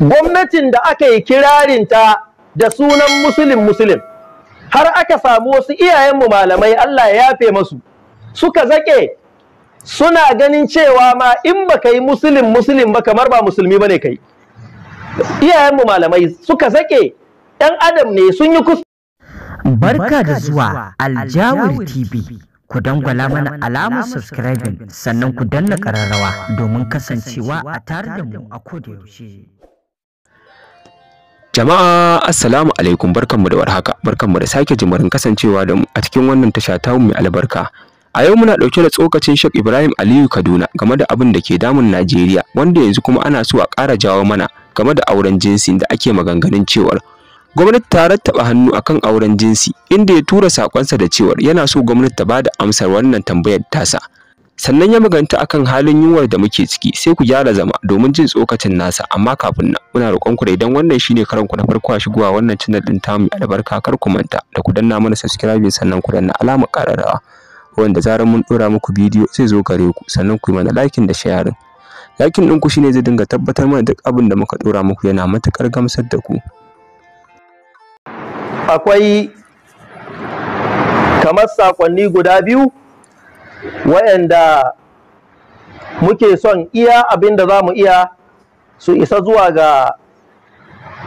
gwamnatin da aka yi kirarinta da sunan musulun musulun har aka samu wasu iyayenmu malamai Allah ya yafe masu suka zaƙe suna ganin cewa ma in baka yi musulun musulun ba kamar ba musulmi ba bane kai iyayenmu malamai suka zaƙe ɗan adam ne sun yi kus barka da zuwa aljawul tv ku dangwala mana alamar subscribing sannan ku danna ƙararrawa domin kasancewa a tare da mu a kodayaushe Jama'a assalamu alaikum barkanmu da warhaka barkanmu da sake jimarin kasancewa da mu a cikin wannan tasha ta mu mai albarka a yau muna dauke da tsokacin Shek Ibrahim Aliyu Kaduna game da abin da ke damun Najeriya wanda yanzu kuma ana so a ƙara jawo mana game da auren jinsi da ake maganganun cewar gwamnati ta rattaba hannu akan auren jinsi inda ya tura sakonsa da cewar yana so gwamnati ta bada amsar wannan tambayar tasa sannan ya maganta akan halin yunwar da muke ciki sai ku gyara zama domin jin tsokacin nasa amma kafin nan muna roƙon ku da idan wannan shine karanku na farko a shigowa wannan channel din tamu albarka kar ku manta da ku danna mana subscribe sannan ku danna alamar ƙararrawa wanda zarar mun ɗora muku bidiyo zai zo gare ku sannan ku yi mana like da like din ku shine zai dinga tabbatar mana duk abin da muka ɗora muku yana matuƙar gamsar da ku akwai kamar sakonni guda biyu wayanda muke son iya abin da za mu iya su isa zuwa ga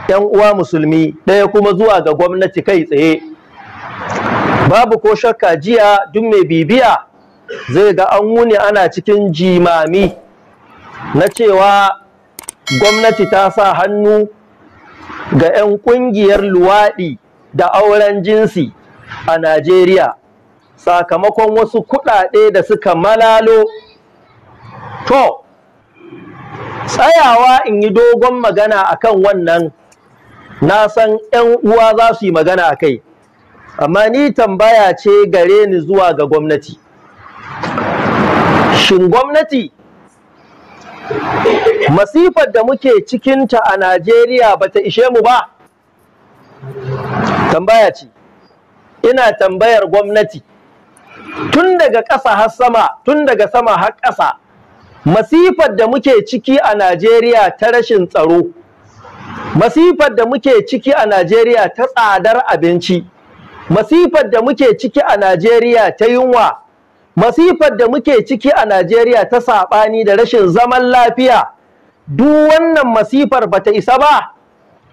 'yan uwa musulmi ɗaya kuma zuwa ga gwamnati kai tsaye babu ko shakka jiya duk mai bibiya zai ga an wuni ana cikin jimami na cewa gwamnati ta sa hannu ga 'yan ƙungiyar luwaɗi da auren jinsi a Najeriya sakamakon wasu kuɗaɗe da suka malalo to tsayawa in yi dogon magana akan wannan na san 'yan uwa za su yi magana a kai amma ni tambaya ce gare ni zuwa ga gwamnati shin gwamnati masifar da muke cikinta a najeriya ba ta ishe mu ba tambaya ce ina tambayar gwamnati tun daga ƙasa har sama tun daga sama har ƙasa masifar da muke ciki a Najeriya ta rashin tsaro masifar da muke ciki a Najeriya ta tsadar abinci masifar da muke ciki a Najeriya ta yunwa masifar da muke ciki a Najeriya ta saɓani da rashin zaman lafiya duk wannan masifar bata isa ba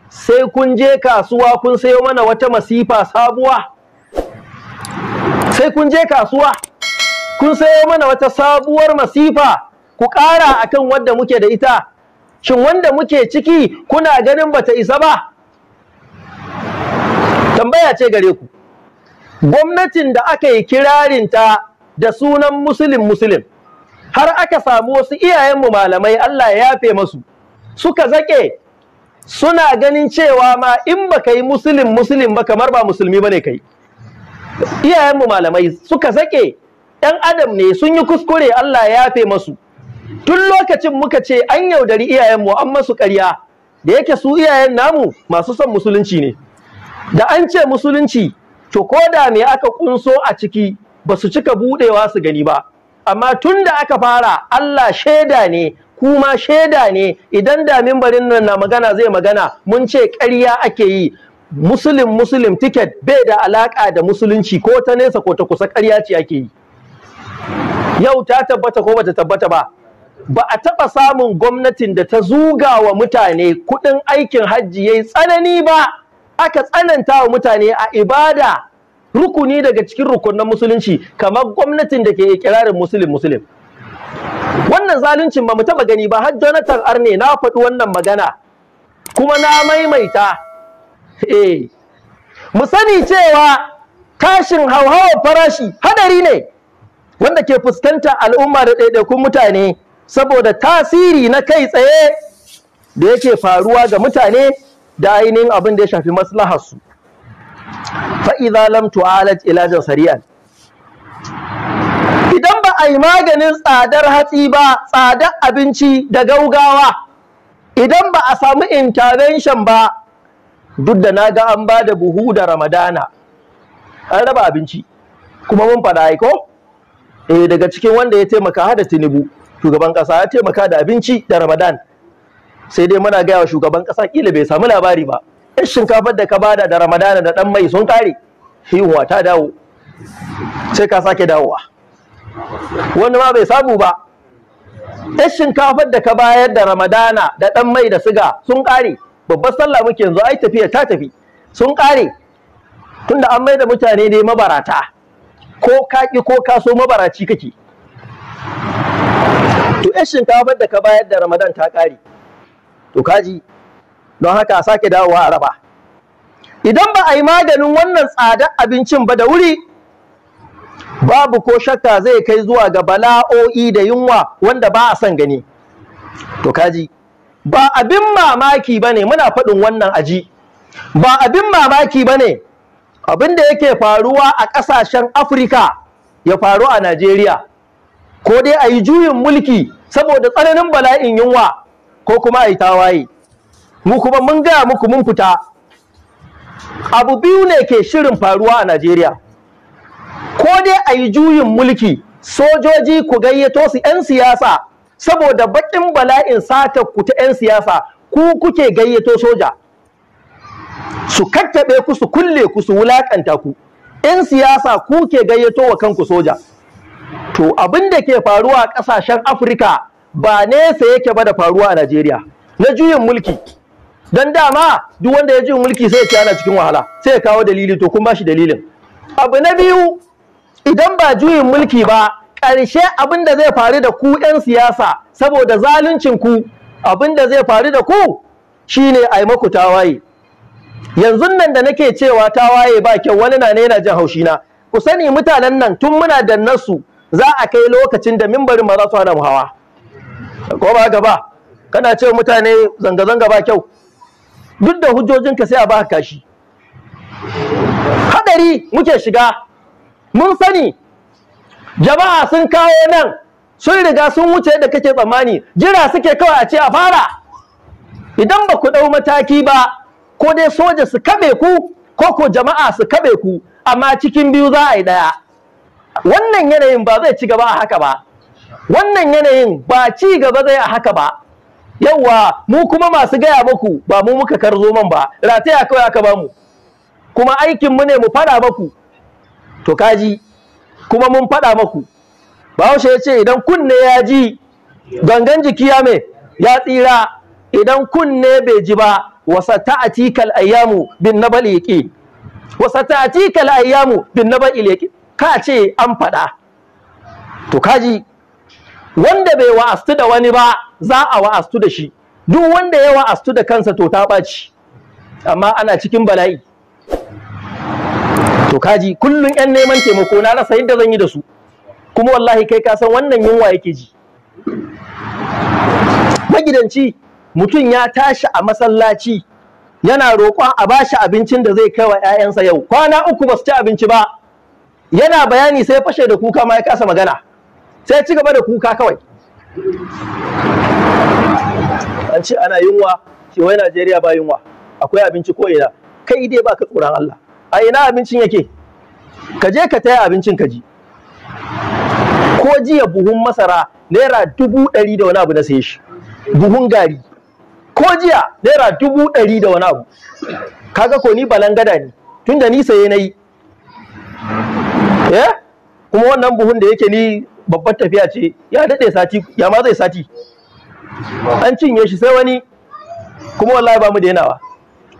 sai kun je kasuwa kun sayo mana wata masifa sabuwa sai kun je kasuwa kun sayo mana wata sabuwar masifa ku ƙara akan wanda muke da ita shin wanda muke ciki kuna ganin bata isa ba tambaya ce gare ku gwamnatin da aka yi kirarinta da sunan musulun musulun har aka samu wasu iyayenmu malamai Allah ya yafe masu suka zaƙe suna ganin cewa ma in baka yi musulun musulun ba kamar ba musulmi bane kai iyayenmu malamai suka sake ɗan adam ne sun yi kuskure Allah ya yafe masu tun lokacin muka ce an yaudari iyayenmu an masu ƙarya da yake su iyayen namu masu son musulunci ne da an ce musulunci to ko da me aka kunso a ciki ba su cika buɗewa su gani ba amma tun da aka fara Allah shaida ne kuma shaida ne idan damin barin nan na magana zai magana mun ce ƙarya ake yi muslim muslim ticket bai da alaka da musulunci ko ta nesa ko ta kusa ƙarya ce ake yi yau ta tabbata ko bata tabbata ba ba a taɓa samun gwamnatin da ta zuga wa mutane kuɗin aikin hajji ya yi tsanani ba aka tsananta wa mutane a ibada rukuni daga cikin rukunan musulunci kamar gwamnatin da ke ikirarin muslim muslim wannan zaluncin ba mu taɓa gani ba har Jonathan Arne na faɗi wannan magana kuma na maimaita eh mu sani cewa tashin hauhawar farashi hadari ne wanda ke fuskanta al'umma da ɗaiɗaikun mutane saboda tasiri na kai tsaye da yake faruwa ga mutane da ainihin abin da ya shafi maslaharsu fa'iza lam tu'alaj ilajen sari'an idan ba a yi maganin tsadar hatsi ba tsadar abinci da gaugawa idan ba a samu intervention ba duk da na ga an ba da buhu da ramadana an raba abinci kuma mun faɗa aiko eh daga cikin wanda ya taimaka hada tinubu shugaban ƙasa ya taimaka da abinci da ramadan sai dai muna gaya wa shugaban ƙasa kila bai samu labari ba yan shinkafar da ka bada da ramadana da ɗan mai sun kare hiwa ta dawo sai ka sake dawowa wani ma bai samu ba yan shinkafar da ka bayar da ramadana da ɗan mai da siga sun kare babbar sallah muke yanzu ai tafiya ta tafi sun kare tunda an maida mutane ne mabarata ko ka ko kaso mabaraci kake to yar shinkafar da ka bayar da ramadan ta kare to kaji don haka a sake dawowa a raba idan ba a yi maganin wannan tsadar abincin ba da wuri babu ko shakka zai kai zuwa ga bala'o'i da yunwa wanda ba a son gani to kaji ba abin mamaki ba ne muna faɗin wannan aji ba abin mamaki ba ne abin da yake faruwa a ƙasashen afirka ya faru a najeriya ko dai a juyin mulki saboda tsananin bala'in yunwa ko kuma a yi tawaye mu kuma mun gaya muku mun fita abu biyu ne ke shirin faruwa a najeriya ko dai ayi juyin mulki sojoji ku gayyato su 'yan siyasa saboda baƙin bala'in sata ku ta 'yan siyasa ku kuke gayyato soja su kakkaɓe ku su kulle ku su wulaƙanta ku 'yan siyasa ku ke gayyato wa kanku soja to abin da ke faruwa a ƙasashen afirka ba nesa yake ba da faruwa a najeriya na juyin mulki don dama duk wanda ya juyin mulki sai ya kiyana cikin wahala sai ya kawo dalili to kun ba shi dalilin abu na biyu idan ba juyin mulki ba ƙarshe abin da zai faru da ku 'yan siyasa saboda zaluncin ku abin da zai faru da ku shine ai maku tawaye yanzu nan da nake cewa tawaye ba kyau wani na ne yana jin haushi na ku sani mutanen nan tun muna da nasu za a kai lokacin da mimbarin ma za su hana mu hawa ko ba gaba kana ce mutane zanga-zanga ba kyau duk da hujjojinka sai a ba ka kashi hadari muke shiga mun sani jama'a sun kawo nan sun riga sun wuce da kake tsammani jira suke kawai a ce a fara idan ba ku ɗau mataki ba ko dai soja su kabe ku ko ko jama'a su kabe ku amma cikin biyu za a yi ɗaya wannan yanayin ba zai ci gaba a haka ba wannan yanayin ba ci gaba zai a haka ba yawwa mu kuma masu gaya muku ba mu muka karzo man ba rataya kawai aka ba mu kuma aikin mu ne mu fara muku to kaji kuma mun faɗa maku bahaushe ya ce idan kunne ya ji gangan jiki ya me ya tsira idan kunne bai ji ba wasa ta'atikal ayyamu bin nabal yaqin wasa ta'atikal ayyamu bin nabal yaqin ka ce an faɗa to kaji wanda bai wa'astu da wani ba za a wa'astu da shi duk wanda ya wa'astu da kansa to ta ɓaci amma ana cikin bala'i to kaji kullun yan neman taimako na rasa yadda zan yi da su kuma wallahi kai ka san wannan yunwa yake ji magidanci mutum ya tashi a masallaci yana roƙon a bashi abincin da zai kai wa 'ya'yansa yau kwana uku ba su ci abinci ba yana bayani sai fashe da kuka ma ya kasa magana sai ci gaba da kuka kawai an ce ana yunwa shi wai Najeriya ba yunwa akwai abinci ko ina kai dai baka tsoron Allah a ina abincin yake ka je ka taya abincin ka ji ko jiya buhun masara naira dubu ɗari da wani abu na saye shi buhun gari ko jiya naira dubu ɗari da wani abu kaga ko ni gada ne tun da ni saye na yi eh? kuma wannan buhun da yake ni babbar tafiya ce ya daɗe sati ya ma zai sati an cinye shi sai wani kuma wallahi ba mu da yanawa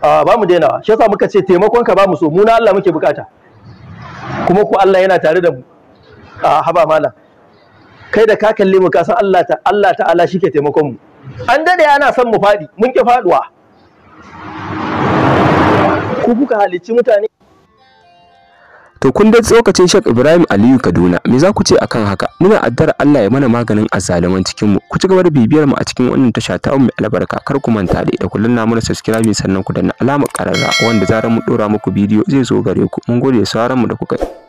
a ba mu daina shi yasa muka ce taimakon ka ba mu so mu na Allah muke bukata kuma ko Allah yana tare da mu a haba malam kai da ka kalle mu ka san Allah ta Allah ta'ala shike taimakon mu an dade ana son mu fadi mun ki faduwa ku kuka halicci mutane To kun da tsokacin Sheikh Ibrahim Aliyu Kaduna, me za ku ce akan haka? Muna addar Allah ya mana maganin azzaluman cikin mu. Ku ci gaba da bibiyar mu a cikin wannan tasha ta mu albarka. Kar ku manta da da kullun na mana subscribe sannan ku danna alamar kararra wanda zaran mu dora muku bidiyo zai zo gare ku. Mun gode sauran mu da kuka yi.